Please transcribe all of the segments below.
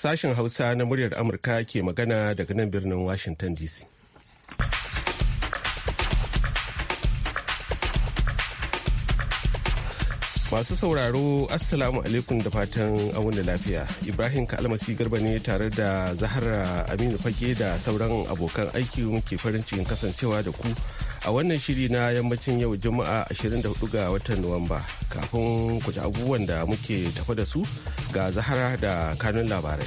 Sashen Hausa na muryar Amurka ke magana daga nan birnin Washington DC. Masu sauraro, Assalamu alaikum da fatan da lafiya. Ibrahim Kalmasi Garba ne tare da Zahara Aminu Fage da sauran abokan aiki muke farin cikin kasancewa da ku. a wannan shiri na yammacin yau juma'a 24 ga watan nuwamba kafin ku abubuwan da muke tafa da su ga zahara da kanun labarai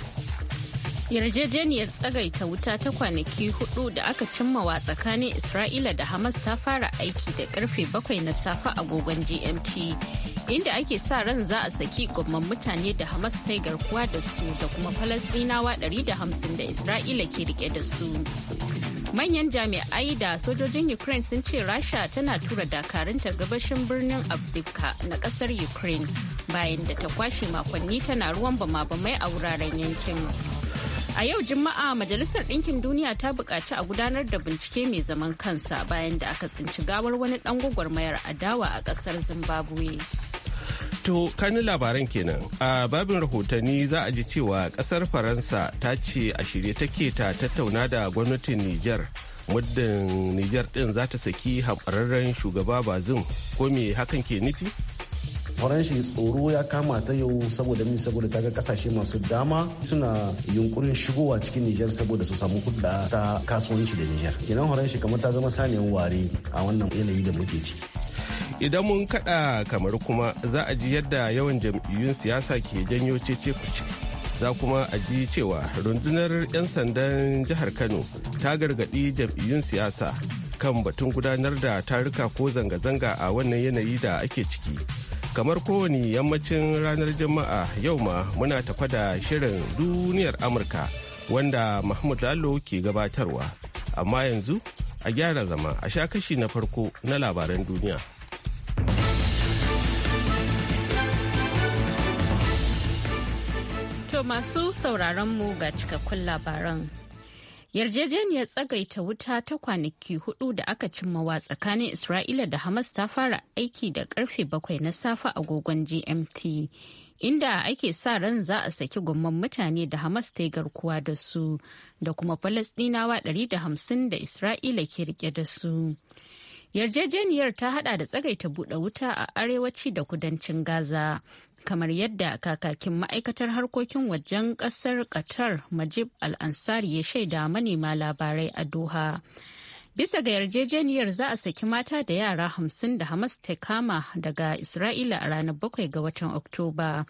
yarjejeniyar tsagaita wuta ta kwanaki hudu da aka cimmawa tsakanin isra'ila da hamas ta fara aiki da karfe bakwai na safe agogon gmt inda ake sa ran za a saki gwamman mutane da hamas ta garkuwa da su da kuma falasdinawa 150 da isra'ila ke rike da su manyan jami'ai da sojojin ukraine sun ce rasha tana tura dakarunta gabashin birnin afrika na kasar ukraine bayan da ta kwashe makonni tana ruwan bama-bamai a wuraren yankin a yau juma'a majalisar ɗinkin duniya ta buƙaci a gudanar da bincike mai zaman kansa bayan da aka tsinci gawar wani ɗan gwagwarmayar adawa a ƙasar zimbabwe To, kani labaran kenan. A babin rahotanni za a ji cewa kasar Faransa ta ce a shirye take ta tattauna da gwamnatin Nijar. Muddin Nijar ɗin za ta saki haɓararren shugaba Bazum, ko me hakan ke nufi? faranshi tsoro ya kama ta yau saboda mi saboda ta ga kasashe masu dama suna yunkurin shigowa cikin nijar saboda su samu kudda ta kasuwanci da nijar kinan faranshi kamar ta zama saniyan ware a wannan yanayi da muke ci idan mun kada kamar kuma za a ji yadda yawan jam'iyyun siyasa ke janyo cece kuce za kuma a ji cewa rundunar 'yan sandan jihar kano ta gargaɗi jam'iyyun siyasa kan batun gudanar da taruka ko zanga-zanga a wannan yanayi da ake ciki kamar kowane yammacin ranar juma'a yau ma muna tafa da shirin duniyar amurka wanda mahmud lalo ke gabatarwa amma yanzu a gyara zama a sha kashi na farko na labaran duniya to masu sauraron mu ga cikakkun labaran yarjejeniyar tsagaita wuta ta kwanaki hudu da aka cimmawa tsakanin isra'ila da hamas ta fara aiki da karfe bakwai na safe agogon gmt inda ake sa ran za a saki gomman mutane da hamas ta yi garkuwa da su da kuma falasdinawa 150 da isra'ila ke rike da su yarjejeniyar ta hada da tsagaita buɗe wuta a arewaci da kudancin gaza kamar yadda kakakin ma'aikatar harkokin wajen kasar qatar majib al-ansari ya shaida manema labarai a doha bisa ga yarjejeniyar za a saki mata da yara hamsin da hamas ta kama daga isra'ila a ranar bakwai ga watan oktoba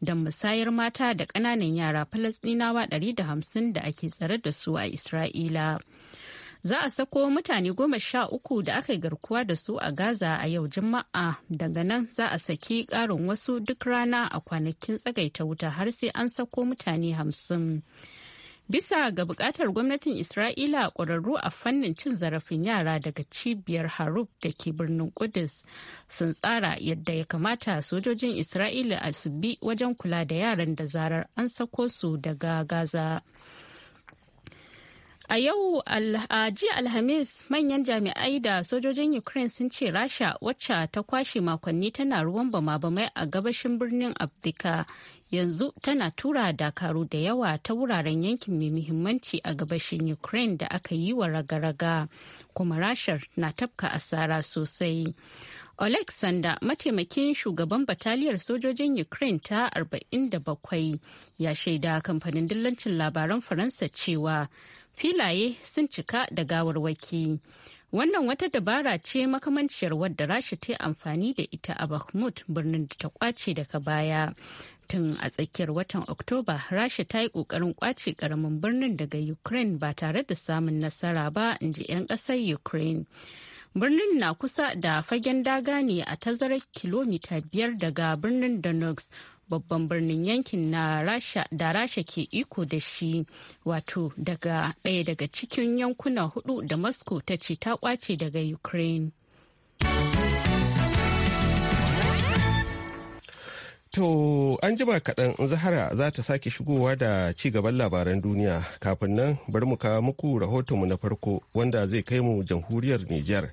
da musayar mata da kananan yara falasɗinawa 150 da ake tsare da su a isra'ila za a sako mutane goma sha uku da aka yi garkuwa da su a gaza a yau juma'a daga nan za a saki karin wasu duk rana a kwanakin tsagaita wuta har sai an sako mutane hamsin bisa ga bukatar gwamnatin isra'ila ƙwararru a fannin cin zarafin yara daga cibiyar harub da ke birnin kudus sun tsara yadda ya kamata sojojin isra'ila a su bi wajen kula da yaran da zarar an sako su daga gaza A yau a jiya Alhamis manyan jami'ai da sojojin Ukraine sun ce Rasha wacce ta kwashe makonni tana ruwan bama-bamai a gabashin birnin Abdika yanzu tana tura dakaru da yawa ta wuraren yankin mai muhimmanci a gabashin Ukraine da aka yi wa raga-raga kuma Rashar na tafka asara sosai. Alexander mataimakin shugaban bataliyar sojojin Ukraine ta 47 ya shaida kamfanin dillancin labaran Faransa cewa filaye sun cika da gawarwaki. Wannan wata dabara ce makamanciyar wadda Rasha ta yi amfani da ita a Bakhmut birnin da ta kwace daga baya. Tun a tsakiyar watan Oktoba, Rasha ta yi ƙoƙarin kwace ƙaramin birnin daga Ukraine ba tare da samun nasara ba, in ji 'yan ƙasar Ukraine. birnin na kusa da fagen daga ne a tazarar kilomita biyar daga birnin Donetsk babban birnin yankin na rasha da rasha ke iko da shi wato daga ɗaya daga cikin yankuna hudu da moscow ta ce ta kwace daga ukraine To an jima kaɗan Zahara za ta sake shigowa da ci gaban labaran duniya kafin nan bari mu kawo muku rahotonmu na farko wanda zai kai mu jamhuriyar Nijar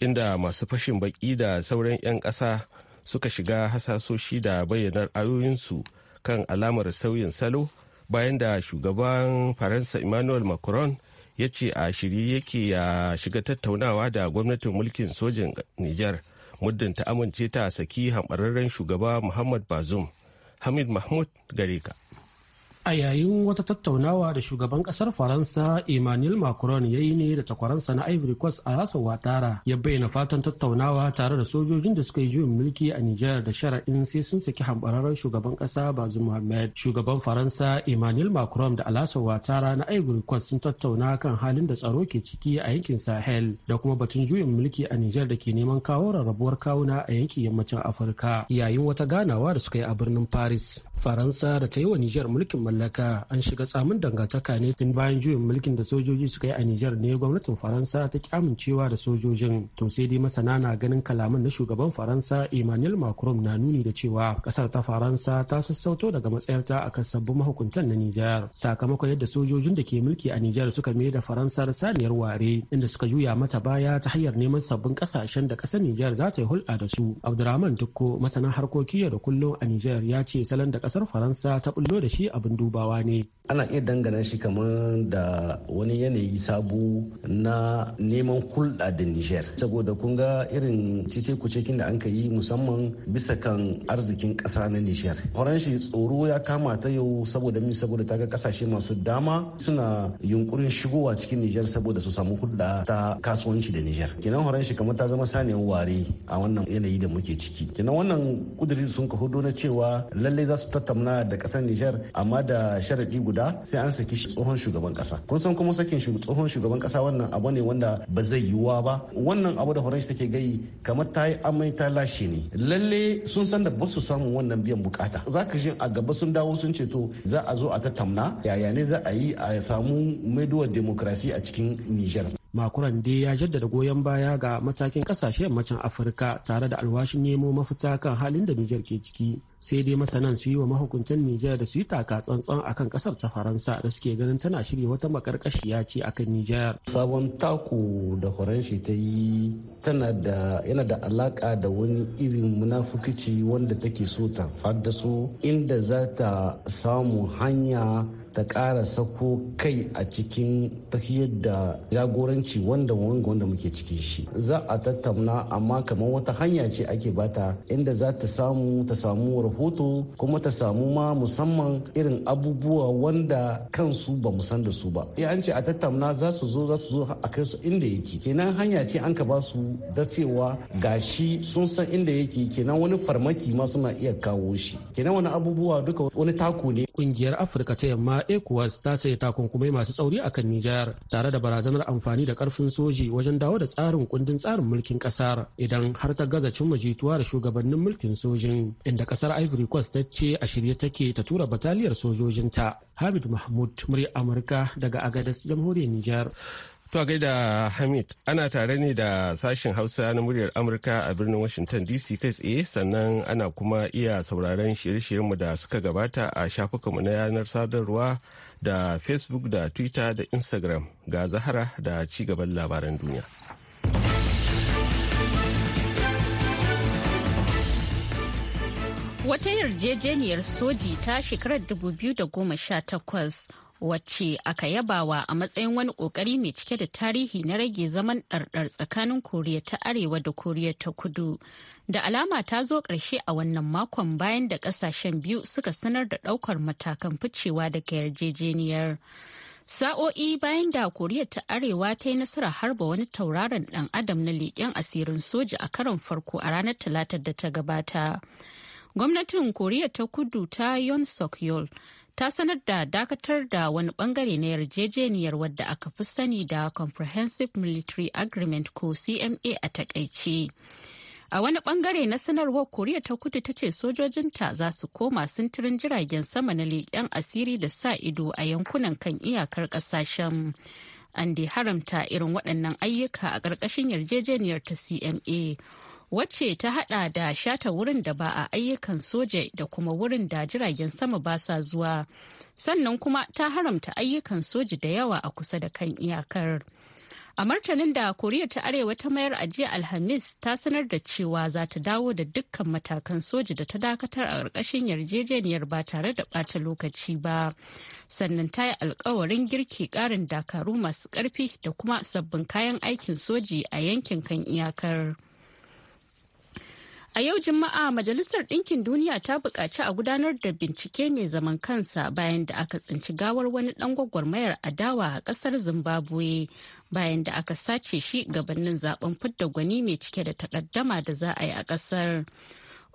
inda masu fashin baki da sauran 'yan ƙasa suka shiga hasasoshi da bayyanar ayoyinsu kan alamar sauyin salo bayan da shugaban faransa emmanuel macron ya ce a shirye yake ya shiga tattaunawa da gwamnatin mulkin sojin niger muddin ta amince ta saki hambararren shugaba muhammad bazoum hamid mahmud gareka. a yayin wata tattaunawa da shugaban kasar faransa emmanuel macron ya yi ne da takwaransa na ivory coast a rasa watara ya bayyana fatan tattaunawa tare da sojojin da suka yi juyin mulki a nijar da shara'in sai sun saki hambararren shugaban kasa bazum mohamed shugaban faransa emmanuel macron da alasa watara na ivory coast sun tattauna kan halin da tsaro ke ciki a yankin sahel da kuma batun juyin mulki a nijar da ke neman kawo rarrabuwar kawuna a yankin yammacin afirka yayin wata ganawa da suka yi a birnin paris faransa da ta yi wa nijar mulkin mallaka an shiga tsamin dangantaka ne tun bayan juyin mulkin da sojoji suka yi a Nijar ne gwamnatin Faransa ta ki amincewa da sojojin to sai dai masana na ganin kalaman na shugaban Faransa Emmanuel Macron na nuni da cewa kasar ta Faransa ta sassauto daga matsayarta a kan sabbin mahukuntan na Nijar sakamakon yadda sojojin da ke mulki a Nijar suka mai da Faransa saniyar ware inda suka juya mata baya ta hanyar neman sabbin kasashen da kasar Nijar za ta yi hulɗa da su Abdurrahman Dukko masanin harkoki da kullum a Nijar ya ce salon da kasar Faransa ta bullo da shi abin dubawa ne ana iya dangana shi kamar da wani yanayi sabu na neman kulɗa da Nijar. Saboda kun ga irin cice cikin da an ka yi musamman bisa kan arzikin ƙasa na Nijar. Horon shi tsoro ya kama ta yau saboda min saboda ta ga ƙasashe masu dama suna yunkurin shigowa cikin Nijar saboda su samu hulɗa ta kasuwanci da Nijar. Kenan horon shi kamar ta zama saniyar ware a wannan yanayi da muke ciki. Kenan wannan kudirin sun ka hudu na cewa lallai za su tattauna da ƙasar Nijar amma da da sharadi guda sai an saki tsohon shugaban kasa kun san kuma sakin tsohon shugaban kasa wannan abu ne wanda ba zai yiwuwa ba wannan abu da faransa take gai kamar ta yi amai ta lashe ne lalle sun san da ba su samu wannan biyan bukata za ka a gaba sun dawo sun ce to za a zo a ta tamna yaya ne za a yi a samu maiduwar demokrasi a cikin niger makuran dai ya jaddada goyon baya ga matakin kasashe yammacin afirka tare da alwashin nemo mafita kan halin da nijar ke ciki sai dai masanan su yi wa mahukuntan nijar da su yi taka tsantsan akan kasar ta faransa da suke ganin tana shirya wata makarkashiya ce akan nijar sabon taku da faranshi ta yi tana da yana da alaka da wani irin munafukici wanda take so ta faddaso inda za ta samu hanya ta ƙara sako kai a cikin tafiyar da jagoranci wanda wanga wanda muke cikin shi za a tattauna amma kamar wata hanya ce ake bata inda za ta samu ta samu rahoto kuma ta samu ma musamman irin abubuwa wanda kansu ba mu san da su ba ya eh, an ce a tattauna za su zo za su zo a kai su inda yake kenan hanya ce an ka ba su da cewa gashi sun san inda yake kenan wani farmaki ma suna iya kawo shi kenan wani abubuwa duka wani tako ne kungiyar afirka ta yamma ecowas ta sayi takunkumai masu tsauri a kan nijar tare da barazanar amfani da karfin soji wajen dawo da tsarin kundin tsarin mulkin kasar idan har ta gaza cimma jituwa da shugabannin mulkin sojin inda kasar ivory coast ta ce a shirye take ta tura bataliyar sojojinta hamid mahmud murya amurka daga agadas jamhuriyar nijar To a gaida Hamid, ana tare ne da sashen Hausa na muryar Amurka a birnin Washington DC kai tsaye sannan ana kuma iya sauraron shirye-shiryenmu da suka gabata a shafukanmu na yanar sadarwa da Facebook da Twitter da Instagram ga Zahara da ci gaban labaran duniya. Wata yarjejeniyar soji ta shekarar 2018 wacce aka yabawa a matsayin wani kokari mai cike da tarihi na rage zaman ɗarɗar tsakanin koriya ta arewa da koriya ta kudu da alama ta zo ƙarshe a wannan makon bayan da ƙasashen biyu suka sanar da ɗaukar matakan ficewa daga yarjejeniyar sa'o'i bayan da koriya ta arewa ta yi nasarar harba wani tauraron ɗan adam na leƙen asirin soja a karon farko a ranar talatar da ta gabata gwamnatin koriya ta kudu ta yon sok ta sanar da dakatar da wani bangare na yarjejeniyar wadda aka fi sani da comprehensive military agreement ko cma a takaice a wani bangare na sanarwar koriya ta kudu ta ce sojojinta za su koma sintirin jiragen sama na leƙen asiri da sa ido a yankunan kan iyakar ƙasashen an haramta irin waɗannan ayyuka a ƙarƙashin yarjejeniyar ta cma wacce ta hada da shata wurin da ba a ayyukan soja da kuma wurin da jiragen sama ba sa zuwa sannan kuma ta haramta ayyukan soja da yawa a kusa da kan iyakar a martanin da koriya ta arewa ta mayar ajiya alhamis ta sanar da cewa za ta dawo da dukkan matakan soji da ta dakatar a ƙarƙashin yarjejeniyar ba tare da ɓata lokaci ba sannan ta yi alkawarin girki karin dakaru masu ƙarfi da kuma sabbin kayan aikin soji a yankin kan iyakar. A yau Juma'a Majalisar Ɗinkin Duniya ta buƙaci a gudanar da bincike mai zaman kansa bayan da aka tsinci gawar wani ɗan gwagwarmayar adawa a ƙasar Zimbabwe bayan da aka sace shi gabanin zaben fidda gwani mai cike da takaddama da za a yi a ƙasar.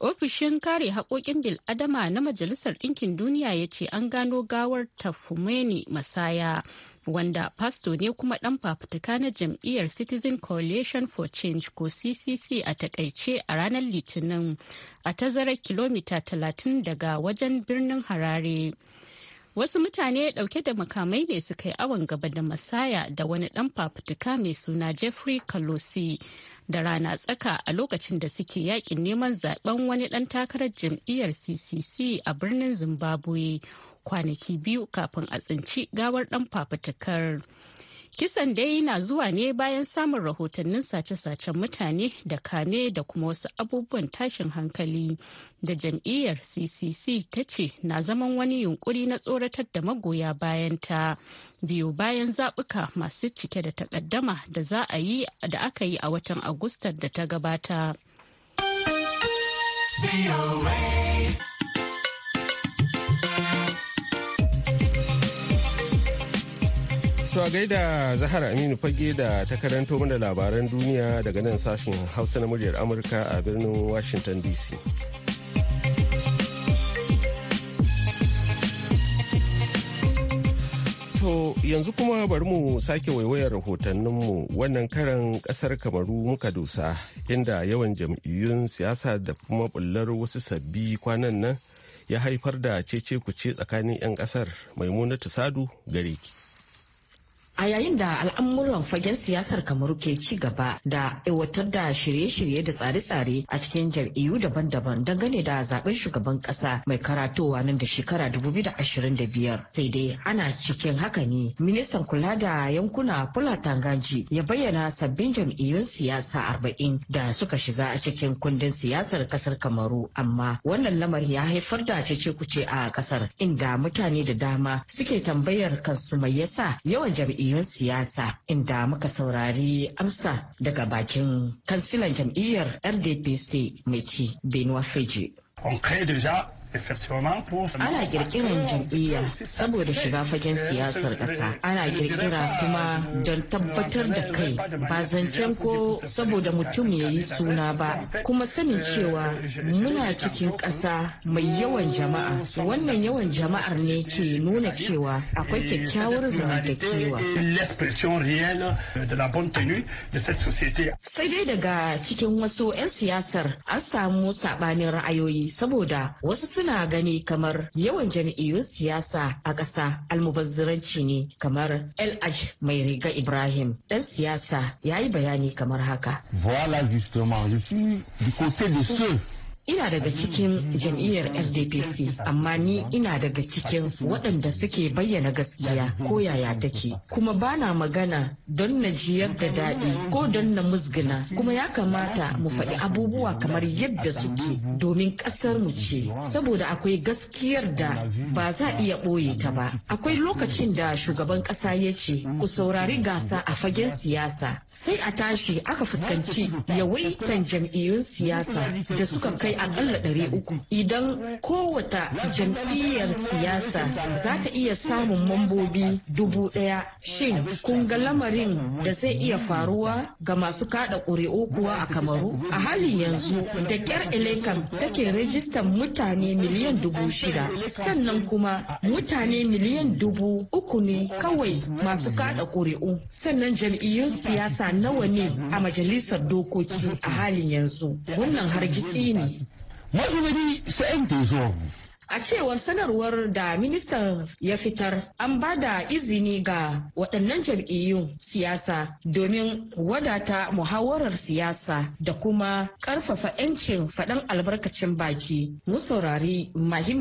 Ofishin kare haƙoƙin bil'adama na Majalisar Ɗinkin Duniya ya ce an gano gawar Tafumeni Masaya wanda pasto ne kuma dan fafutuka na jam'iyyar citizen coalition for change ko ccc a takaice a ranar litinin a tazara kilomita 30 daga wajen birnin harare wasu mutane dauke da makamai ne suka yi awon gaba da masaya da wani dan fafutuka mai suna jeffrey kalosi da rana tsaka a lokacin da suke yakin neman zaben wani ɗan takarar jam'iyyar ccc a birnin zimbabwe kwanaki biyu kafin a tsinci gawar ɗan fafutukar. Kisan dai na zuwa ne bayan samun rahotannin sace-sacen mutane da kane da kuma wasu abubuwan tashin hankali da jam'iyyar CCC ta ce na zaman wani yunkuri na tsoratar da magoya bayan ta. biyu bayan zaɓuka masu cike da takaddama da za a yi da aka yi a watan Agustar da ta gabata. To a gaida Zahar Aminu fage da ta karanto mana labaran duniya daga nan sashen Hausa na muryar Amurka a birnin Washington DC. To yanzu kuma bari mu sake waiwayar rahotanninmu wannan karan kasar kamaru muka dosa inda yawan jam'iyyun siyasa da kuma bullar wasu sabbi kwanan nan ya haifar da cece kuce tsakanin 'yan kasar maimunatu sadu gare ki. a yayin da al'amuran fagen siyasar kamaru ke ci gaba da aiwatar da shirye-shirye da tsare-tsare a cikin jam'iyyu daban-daban dangane da zaben shugaban kasa mai karatowa nan da shekara 2025 sai dai ana cikin haka ne ministan kula da yankuna Kula Tangaji ya bayyana sabbin jam'iyyun siyasa arba'in da suka shiga a cikin kundin siyasar kasar kamaru amma wannan lamari ya haifar da cece kuce a kasar inda mutane da dama suke tambayar kansu mai yasa yawan jam'iyyu jam'iyyun siyasa inda muka saurari amsa daga bakin kansilan jam'iyyar RDPC mai ci Benua Feji. on crée Ana kirkirar jam'iyya saboda shiga fagen siyasar ƙasa. Ana kirkira kuma euh, don tabbatar da kai ba zancen ko saboda euh, mutum ya yi suna ba kuma sanin euh, cewa muna cikin ƙasa mai yawan jama'a. Wannan yawan jama'ar ne ke nuna cewa akwai kyakkyawar zamantakewa. Sai dai daga cikin wasu 'yan siyasar an samu saɓanin ra'ayoyi saboda wasu suna gani kamar yawan jam'iyyun siyasa a ƙasa almubazziranci ne kamar LH mai riga Ibrahim ɗan siyasa ya yi bayani kamar haka. Voilà justement, je suis du côté de ceux ina daga cikin jam'iyyar FDPC amma ni ina daga cikin waɗanda suke bayyana gaskiya ko yaya take kuma bana magana don na jiyar da daɗi ko don na musguna kuma ya kamata mu faɗi abubuwa kamar yadda suke domin ƙasar mu ce saboda akwai gaskiyar da ba za iya ɓoye ta ba akwai lokacin da shugaban ƙasa ya ce ku saurari gasa a fagen siyasa sai a tashi aka fuskanci yawaitan jam'iyyun siyasa da suka kai akalla ɗari uku idan kowata jam'iyyar siyasa za ta iya samun mambobi dubu ɗaya shin kun ga lamarin da zai iya faruwa ga masu kada ƙuri'u kuwa a kamaru a halin yanzu da kyar elekan take rajistan mutane miliyan dubu shida sannan kuma mutane miliyan dubu uku ne kawai masu kada ƙuri'u sannan jam'iyyun siyasa nawa ne a majalisar dokoki a halin yanzu wannan hargitsi ne mazubari sa'in da A cewar sanarwar da ministan ya fitar an ba da izini ga waɗannan jam'iyyun siyasa domin wadata muhawarar siyasa da kuma ƙarfafa 'yancin faɗan albarkacin baki. Mu saurari mahi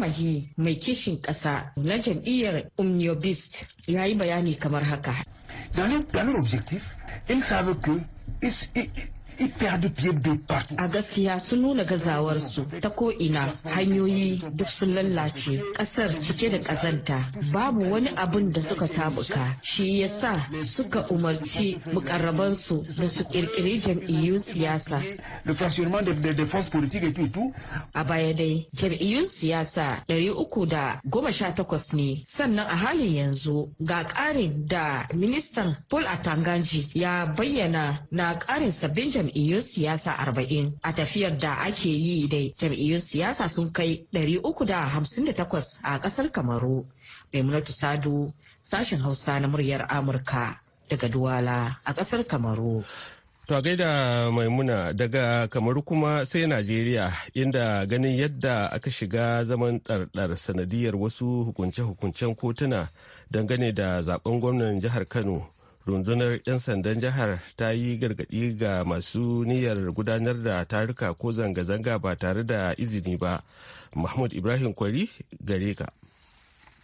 mai kishin ƙasa na jam'iyyar Umniobist ya yi bayani kamar haka. A gaskiya sun nuna gazawarsu ta ko'ina hanyoyi duk sun lallace ƙasar cike da ƙazanta babu wani abin da suka tabuka shi yasa suka umarci mukarrabansu da su ƙirƙiri jam'iyyun siyasa. A baya dai jam'iyyun siyasa 318 ne sannan a halin yanzu ga ƙarin da ministan Paul Atanganji ya bayyana na ƙarin sabbin jam'iyyun jam'iyyun siyasa arba'in a tafiyar da ake yi da jam'iyyun siyasa sun kai ɗari uku da hamsin da takwas a ƙasar kamaru maimunatu sadu sashen hausa na muryar amurka daga duwala a kasar kamaru To gaida maimuna daga kamar kuma sai Najeriya inda ganin yadda aka shiga zaman ɗarɗar sanadiyar wasu hukunce-hukuncen kotuna dangane da zaben gwamnan jihar Kano rundunar 'yan sandan jihar ta yi gargaɗi ga masu niyyar gudanar da taruka ko zanga-zanga ba tare da izini ba mahmud ibrahim kwari gare ka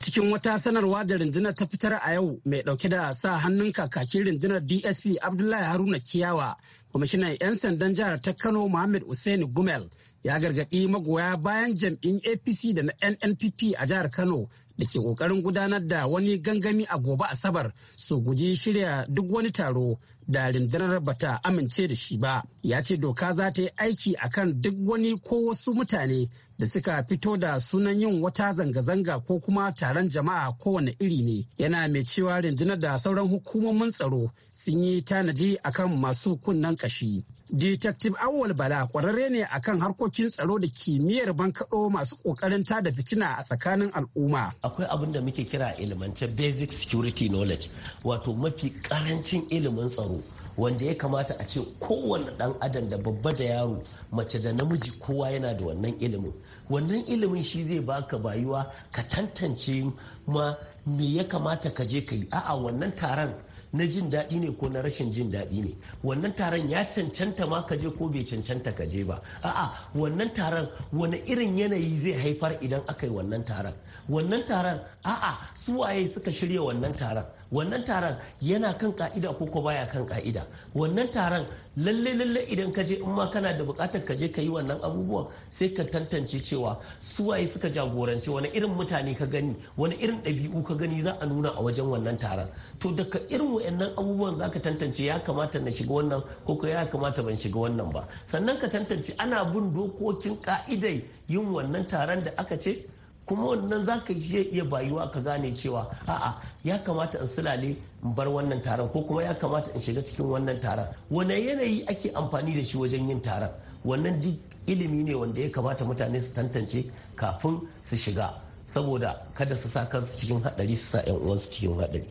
cikin wata sanarwa da rundunar ta fitar a yau mai dauke da sa hannun kakakin rundunar dsp abdullahi haruna kiyawa kwamishinan 'yan sandan jihar ta kano muhammad usaini gumel ya gargaɗi magoya bayan jam'in apc da na nnpp a jihar kano da ke kokarin gudanar da wani gangami a gobe asabar su guji shirya duk wani taro da rindirar bata amince da shi ba ya ce doka za ta yi aiki akan duk wani ko wasu mutane da suka fito da sunan yin wata zanga-zanga ko kuma taron jama'a kowane iri ne yana mai cewa rundunar da sauran hukumomin tsaro sun yi tanadi akan masu kunnen kashi Detective Awal Bala kwararre ne a kan harkokin tsaro da kimiyyar bankaɗo masu ƙoƙarin tada fitina a tsakanin al'umma. Akwai abin da muke kira ilimance basic security knowledge wato mafi ƙarancin ilimin tsaro wanda ya kamata a ce kowane ɗan adam da babba da yaro mace da namiji kowa yana da wannan ilimin. Wannan ilimin shi zai baka bayuwa ka tantance ma me ya kamata ka je ka yi a'a wannan taron na jin daɗi ne ko na rashin jin daɗi ne wannan taron ya cancanta ma ka je ko bai cancanta ka je ba a'a wannan taron wani irin yanayi zai haifar idan aka yi wannan taron wannan taron a'a su waye suka shirya wannan taron wannan taron yana kan ka'ida ko ko baya kan ka'ida wannan taron lalle lalle idan ka je in ma kana da bukatar ka je ka yi wannan abubuwan sai ka tantance cewa su waye suka jagoranci wani irin mutane ka gani wani irin ɗabi'u ka gani za a nuna a wajen wannan taron to daga irin wayannan abubuwan za ka tantance ya kamata na shiga wannan ko ko ya kamata ban shiga wannan ba sannan ka tantance ana bin dokokin ka'idai yin wannan taron da aka ce kuma wannan za ka iya iya bayuwa ka gane cewa a'a ya kamata in sulale in bar wannan taron ko kuma ya kamata in shiga cikin wannan taron wane yanayi ake amfani da shi wajen yin taron wannan duk ilimi ne wanda ya kamata mutane su tantance kafin su shiga saboda kada su sa kansu cikin haɗari su sa 'yan uwansu cikin haɗari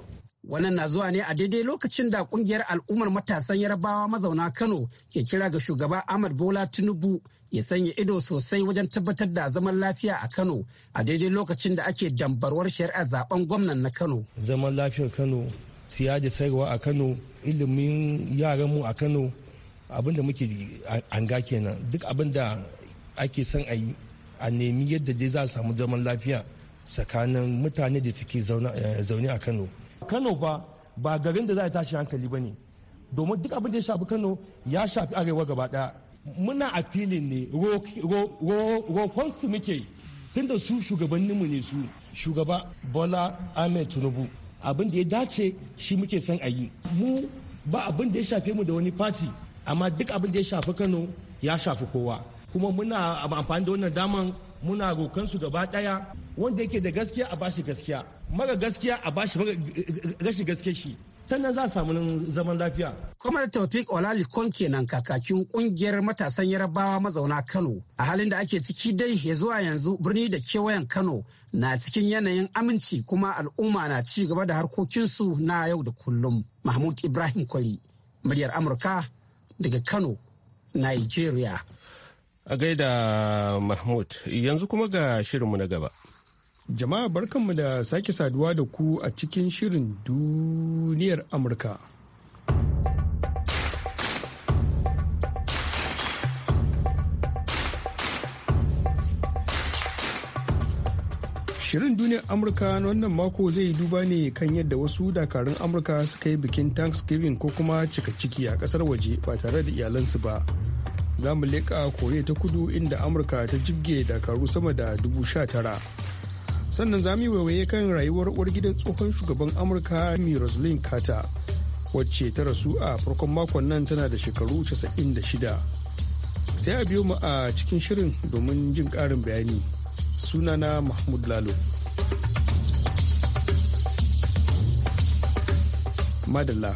Wannan na zuwa ne a daidai lokacin da kungiyar al'ummar matasan yarabawa mazauna Kano ke kira ga shugaba Ahmad Bola Tinubu ya sanya ido sosai wajen tabbatar da zaman lafiya a Kano a daidai lokacin da ake dambarwar shari'a zaben gwamnan na Kano. Zaman lafiyar Kano, da sayarwa a Kano, ilimin yaran mu a Kano, abin da muke hanga kenan duk abin da ake son a yi a nemi yadda dai za a samu zaman lafiya tsakanin mutane da suke eh, zaune a Kano. kano ba ba garin da za a tashi hankali ba ne domin duk abin da ya shafi kano ya shafi arewa gaba daya muna a filin ne roƙon su muke tun da su shugabanninmu ne su shugaba bola ahmed tinubu abin da ya dace shi muke son a yi mu ba abin da ya shafe mu da wani fati amma duk abin da ya shafi kano ya shafi kowa kuma muna amfani da wannan daman muna roƙon su gaba daya wanda yake da gaskiya a bashi gaskiya Maga gaskiya a bashi gashi gaske shi sannan za a samu zaman lafiya. da Taufik Olalikon kenan kakakin kungiyar matasan Yarabawa mazauna Kano. A halin da ake ciki dai ya zuwa yanzu birni da kewayen Kano na cikin yanayin aminci kuma al'umma na ci gaba da harkokinsu na yau da kullum. Mahmud Ibrahim Kwali, muryar Amurka daga Kano, Nigeria. A gaida Mahmud, yanzu kuma ga shirinmu na gaba. Jama'a barkanmu da sake saduwa da ku a cikin shirin duniyar Amurka. Shirin duniyar Amurka na wannan mako zai duba ne kan yadda wasu dakarun Amurka suka yi bikin Thanksgiving ko kuma cika ciki a kasar waje ba tare da iyalansu ba. Za mu leƙa Koriya ta kudu inda Amurka ta jibge dakaru sama da dubu sha tara. sannan zami waiwaye kan rayuwar uwar gidan tsohon shugaban amurka mi roslin carter wacce ta rasu a farkon makon nan tana da shekaru 96 sai a biyo mu a cikin shirin domin jin karin bayani suna na mahmud lalo madalla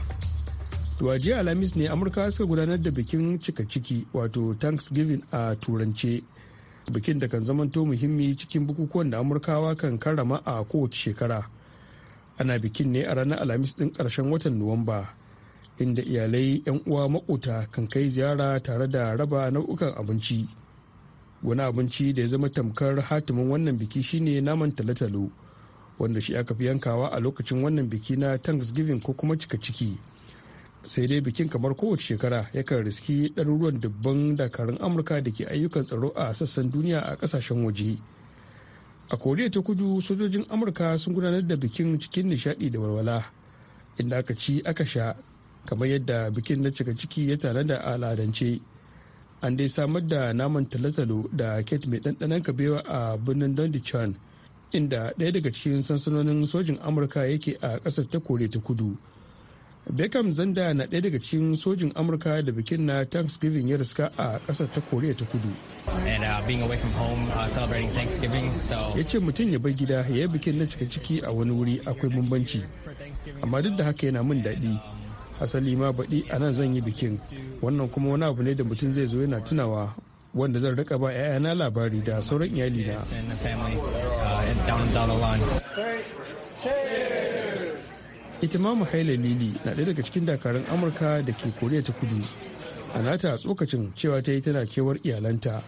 To jiya Alhamis ne Amurka suka gudanar da bikin cika ciki wato Thanksgiving a turance bikin da kan zamanto muhimmi cikin bukukuwan da amurkawa kan karrama a kowace shekara ana bikin ne a ranar alhamis din karshen watan nuwamba inda iyalai 'yan uwa makota kan kai ziyara tare da raba nau'ukan abinci wani abinci da ya zama tamkar hatimin wannan biki shine naman talotalo wanda shi aka fi yankawa a lokacin wannan biki na thanksgiving ko kuma cika ciki sai dai bikin kamar kowace shekara yakan riski ɗaruruwan dubban dakarun amurka da ke ayyukan tsaro a sassan duniya a ƙasashen waje a koriya ta kudu sojojin amurka sun gudanar da bikin cikin nishaɗi da walwala inda aka ci aka sha kamar yadda bikin na cika ciki ya tana da al'adance an dai samar da naman talotalo da ket mai ɗanɗanon kabewa a birnin dondichan inda ɗaya daga cikin sansanonin sojin amurka yake a ƙasar ta koriya ta kudu beckham zanda na ɗaya daga cikin sojin amurka da bikin na thanksgiving ya riska a ƙasar ta koriya ta kudu uh, uh, ya ce mutum ya bar gida ya yi bikin na cika ciki a wani wuri akwai bambanci amma duk da haka yana min daɗi asali ma baɗi a nan zan yi bikin wannan kuma wani abu ne da mutum zai zo yana tunawa wanda zan rika ba 'ya'yana labari da sauran iyalina ita ma muhaila lili na ɗaya daga cikin dakarun amurka da ke koriya ta kudu a nata tsokacin cewa ta yi tana kewar iyalanta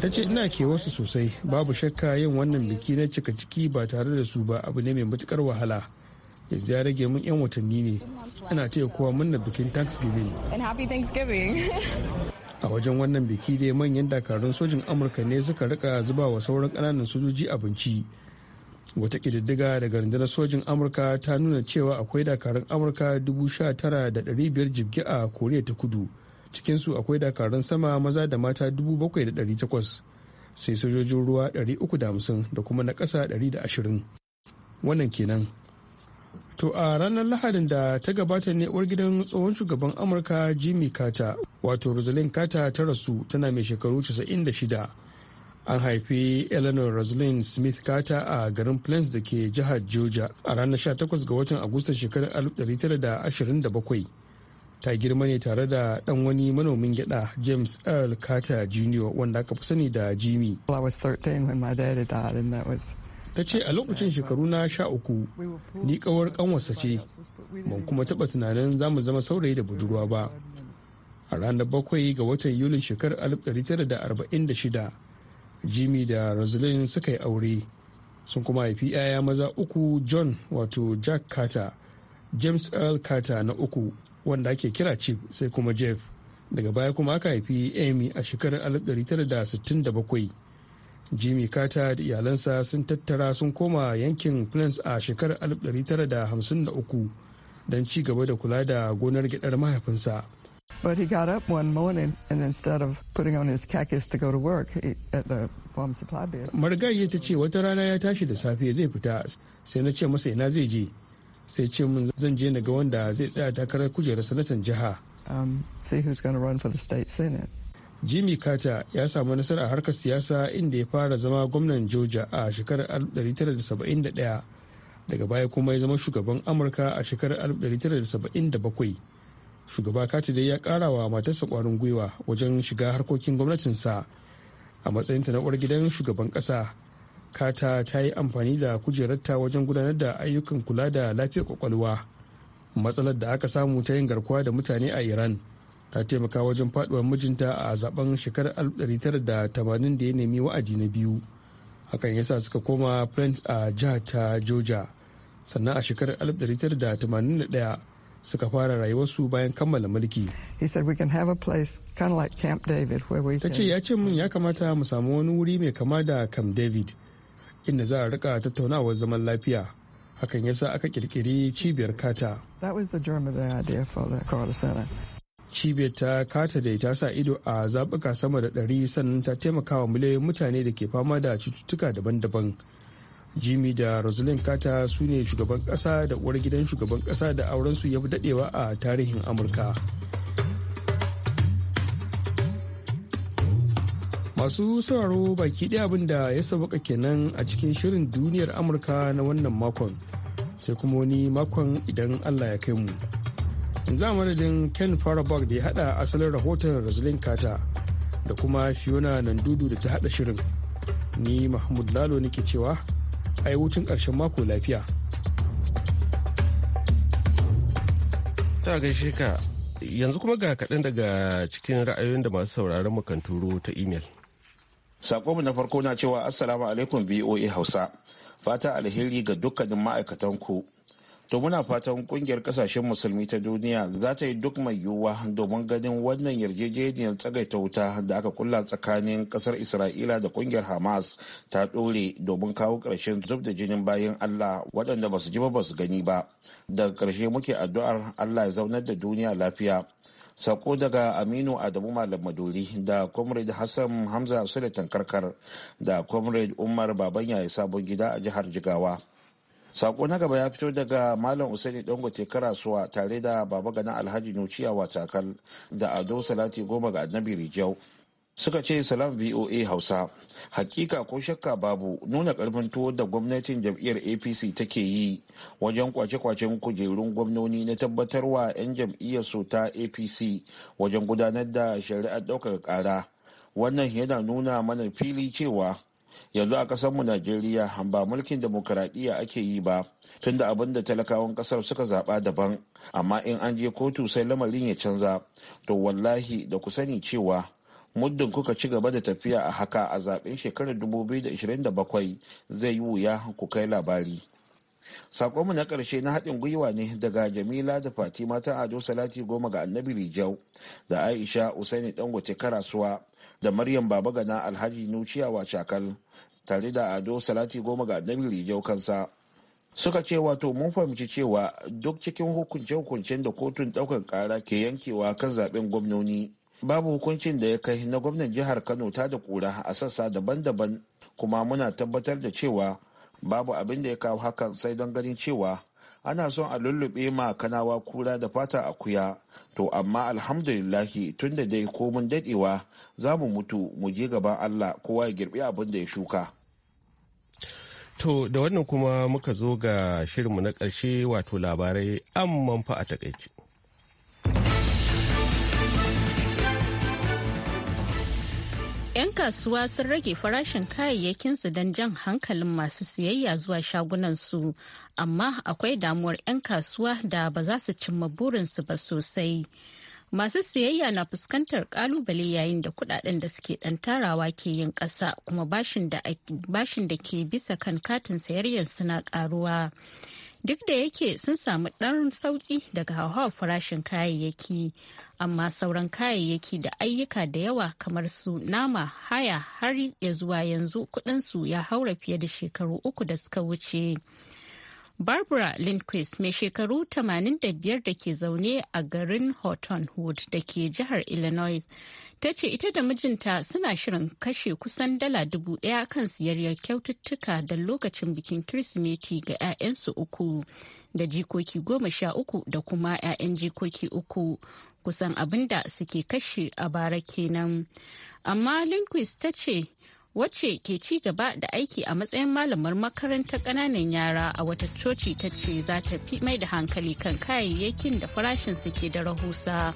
ta ce ina ke wasu sosai babu shakka yin wannan biki na cika ciki ba tare da su ba abu ne mai matukar wahala yanzu ya rage mun 'yan watanni ne ana ce kowa murna bikin thanksgiving a wajen wannan biki dai manyan dakarun sojin amurka ne suka rika zuba wa sauran kananan sojoji abinci wata ƙididdiga daga rundunar sojin amurka ta nuna cewa akwai dakarun amurka 19,500 jibgi a koriya ta kudu cikinsu akwai dakarun sama maza da mata 7,800 sai sojojin ruwa 350 da kuma na ƙasa 120 wannan kenan To a ranar Lahadin da ta gabata ne uwar gidan tsohon shugaban Amurka Jimmy Carter, wato Rosalind Carter ta rasu tana mai shekaru 96 an haifi eleanor roslyn smith carter a garin plains da ke jihar georgia a ranar 18 ga watan agusta shekarar 1927 ta girma ne tare da dan wani manomin gyada james earl carter jr wanda aka fi sani da jimmy ta ce a lokacin shekaru na sha uku ni kawar kanwarsa ce ban kuma taba tunanin za mu zama saurayi da budurwa ba a ranar bakwai ga watan yulin shekarar 1946 jimmy da rosalyn suka yi aure sun kuma haifi 'ya'ya maza uku john wato jack carter james earl carter na uku wanda ake kira chief sai kuma jeff daga baya kuma aka haifi amy a shekarar 1967 jimmy carter da iyalansa sun tattara sun koma yankin plains a shekarar 1953 don ci gaba da kula da gonar gyaɗar mahaifinsa But he got up one morning and instead of putting on his khakis to go to work he, at the farm supply base. Marigayi ta ce wata rana ya tashi da safe zai fita sai na ce masa ina zai je. Sai ce min zan je na ga wanda zai tsaya takarar kujerar sanatan jiha. Um, see who's going to run for the state senate. Jimmy Carter ya samu nasara a harkar siyasa inda ya fara zama gwamnan Georgia a shekarar 1971 daga baya kuma ya zama shugaban Amurka a shekarar 1977. shugaba kati dai ya kara wa matarsa kwarin gwiwa wajen shiga harkokin gwamnatinsa a matsayinta na uwar gidan shugaban kasa kata ta yi amfani da kujerarta wajen gudanar da ayyukan kula da lafiyar kwakwalwa matsalar da aka samu ta yin garkuwa da mutane a iran ta taimaka wajen faduwar mijinta a zaben shekarar 1980 da ya nemi wa'adi na biyu hakan yasa suka koma prince a jihar ta georgia sannan a shekarar 1981 suka fara rayuwarsu bayan kammala mulki. Ta ce ya ce min ya kamata mu samu wani wuri mai kama da Camp David inda za a rika tattaunawar zaman lafiya. Hakan yasa aka kirkiri cibiyar kata. Cibiyar ta kata da ta sa ido a zaɓuka sama da ɗari sannan ta taimaka wa miliyoyin mutane da ke fama da cututtuka daban-daban. jimmy da rosalind carter su ne shugaban kasa da uwar gidan shugaban kasa da aurensu ya fi dadewa a tarihin amurka masu sauraro baki ɗaya abin da ya sabuka kenan a cikin shirin duniyar amurka na wannan makon sai kuma wani makon idan allah ya kai mu za madadin ken farabag da ya hada asalin rahoton rosalind carter da kuma fiona nandudu da ta hada shirin ni mahmud lalo nake cewa a yi wucin ƙarshen mako lafiya. Ta gaishe ka yanzu kuma ga kaɗan daga cikin ra'ayoyin da masu sauraron mu kan ta imel. Sako na farko na cewa Assalamu alaikum VOA Hausa. Fata alheri ga dukkanin ma'aikatan ku. to muna fatan kungiyar kasashen musulmi ta duniya za ta yi duk mai yiwuwa domin ganin wannan yarjejeniyar tsagaita wuta da aka kulla tsakanin kasar isra'ila da kungiyar hamas ta dore domin kawo ƙarshen zub da jinin bayan allah waɗanda ba su ji ba su gani ba daga ƙarshe muke addu'ar allah ya zaunar da duniya lafiya sako daga aminu adamu malam maduri da comrade hassan hamza da tankarkar da comrade umar baban yayi sabon gida a jihar jigawa sako na gaba ya fito daga malam usaini dangote suwa tare da baba gana alhaji nociyawa watakal da ado salati goma ga annabi rijau suka ce salam voa hausa hakika ko shakka babu nuna karfin tuwo da gwamnatin jam'iyyar apc take yi wajen kwace-kwacen kujerun gwamnoni na tabbatarwa 'yan jam'iyyar su ta apc wajen gudanar da shari'ar ɗaukar ƙara wannan yana nuna mana fili cewa yanzu a mu najeriya ba mulkin demokuraɗiyya ake yi ba tunda abin da talakawan ƙasar suka zaɓa daban amma in an je kotu sai lamarin ya canza to wallahi da ku sani cewa muddin kuka ci gaba da tafiya a haka a zaɓen shekarar 2027 zai yi wuya ku kai labari Sakonmu na ƙarshe na haɗin gwiwa ne daga Jamila da Fatima ta Ado Salati Goma ga Annabi Rijau da Aisha Usaini Dangote Karasuwa da Maryam gana Alhaji Nuciyawa Cakal tare da Ado Salati Goma ga Annabi Rijau kansa. Suka ce wato mun fahimci cewa duk cikin hukunce-hukuncen da kotun ɗaukar ƙara ke yankewa kan zaɓen gwamnoni babu hukuncin da ya kai na gwamnan jihar Kano ta da ƙura a sassa daban-daban kuma muna tabbatar da cewa babu abin da ya kawo hakan sai don ganin cewa ana son a lullube ma kanawa kura da fata a kuya to amma alhamdulillahi tun da dai komun dadewa za mu mutu mu je gaban allah kowa ya girbi abin da ya shuka to da wannan kuma muka zo ga shirinmu na ƙarshe wato labarai amman fa a takaice. kasuwa sun rage farashin kayayyakinsu don jan hankalin masu siyayya zuwa shagunansu, amma akwai damuwar 'yan kasuwa da ba za su cimma burinsu ba sosai. Masu siyayya na fuskantar kalubale yayin da kudaden da suke dan tarawa ke yin kasa kuma bashin da ke bisa kan katin sayayyar suna ƙaruwa. karuwa. duk da yake sun samu ɗan sauƙi daga hauhawar farashin kayayyaki amma sauran kayayyaki da ayyuka da yawa kamar su nama haya har ya zuwa yanzu kuɗinsu ya haura fiye da shekaru uku da suka wuce Barbara Lindquist mai shekaru 85 da ke zaune a garin Horton Wood da ke jihar Illinois ta ce ita da mijinta suna shirin kashe kusan dala dubu daya kan siyayyar kyaututtuka da lokacin bikin Kirsimeti ga 'ya'yansu uku da jikoki goma sha uku da kuma 'ya'yan jikoki uku kusan abin da suke kashe a bara kenan. Amma Lindquist ta ce wacce ke ci gaba da aiki a matsayin malamar makarantar kananan yara a wata coci ta ce za ta fi mai da hankali kan kayayyakin da farashinsu ke da rahusa.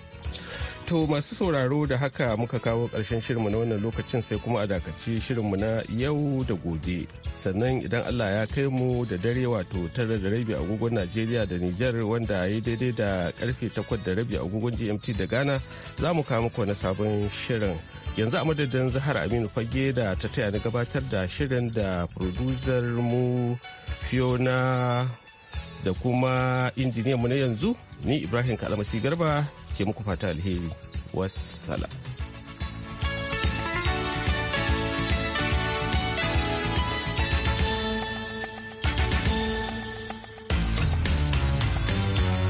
To masu sauraro da haka muka kawo ƙarshen shirinmu na wannan lokacin sai kuma a dakaci shirinmu na yau da gobe. Sannan idan Allah ya kai mu da dare wato tara da rabi agogon Najeriya da Nijar wanda ya daidai da karfe takwas da rabi agogon GMT da Ghana za mu kawo muku wani sabon shirin. yanzu a madadin zahar aminu fage da ta taya na gabatar da shirin da producer mu fiona da kuma injiniyan mu na yanzu ni ibrahim kalamasi garba ke muku fata alheri wasala.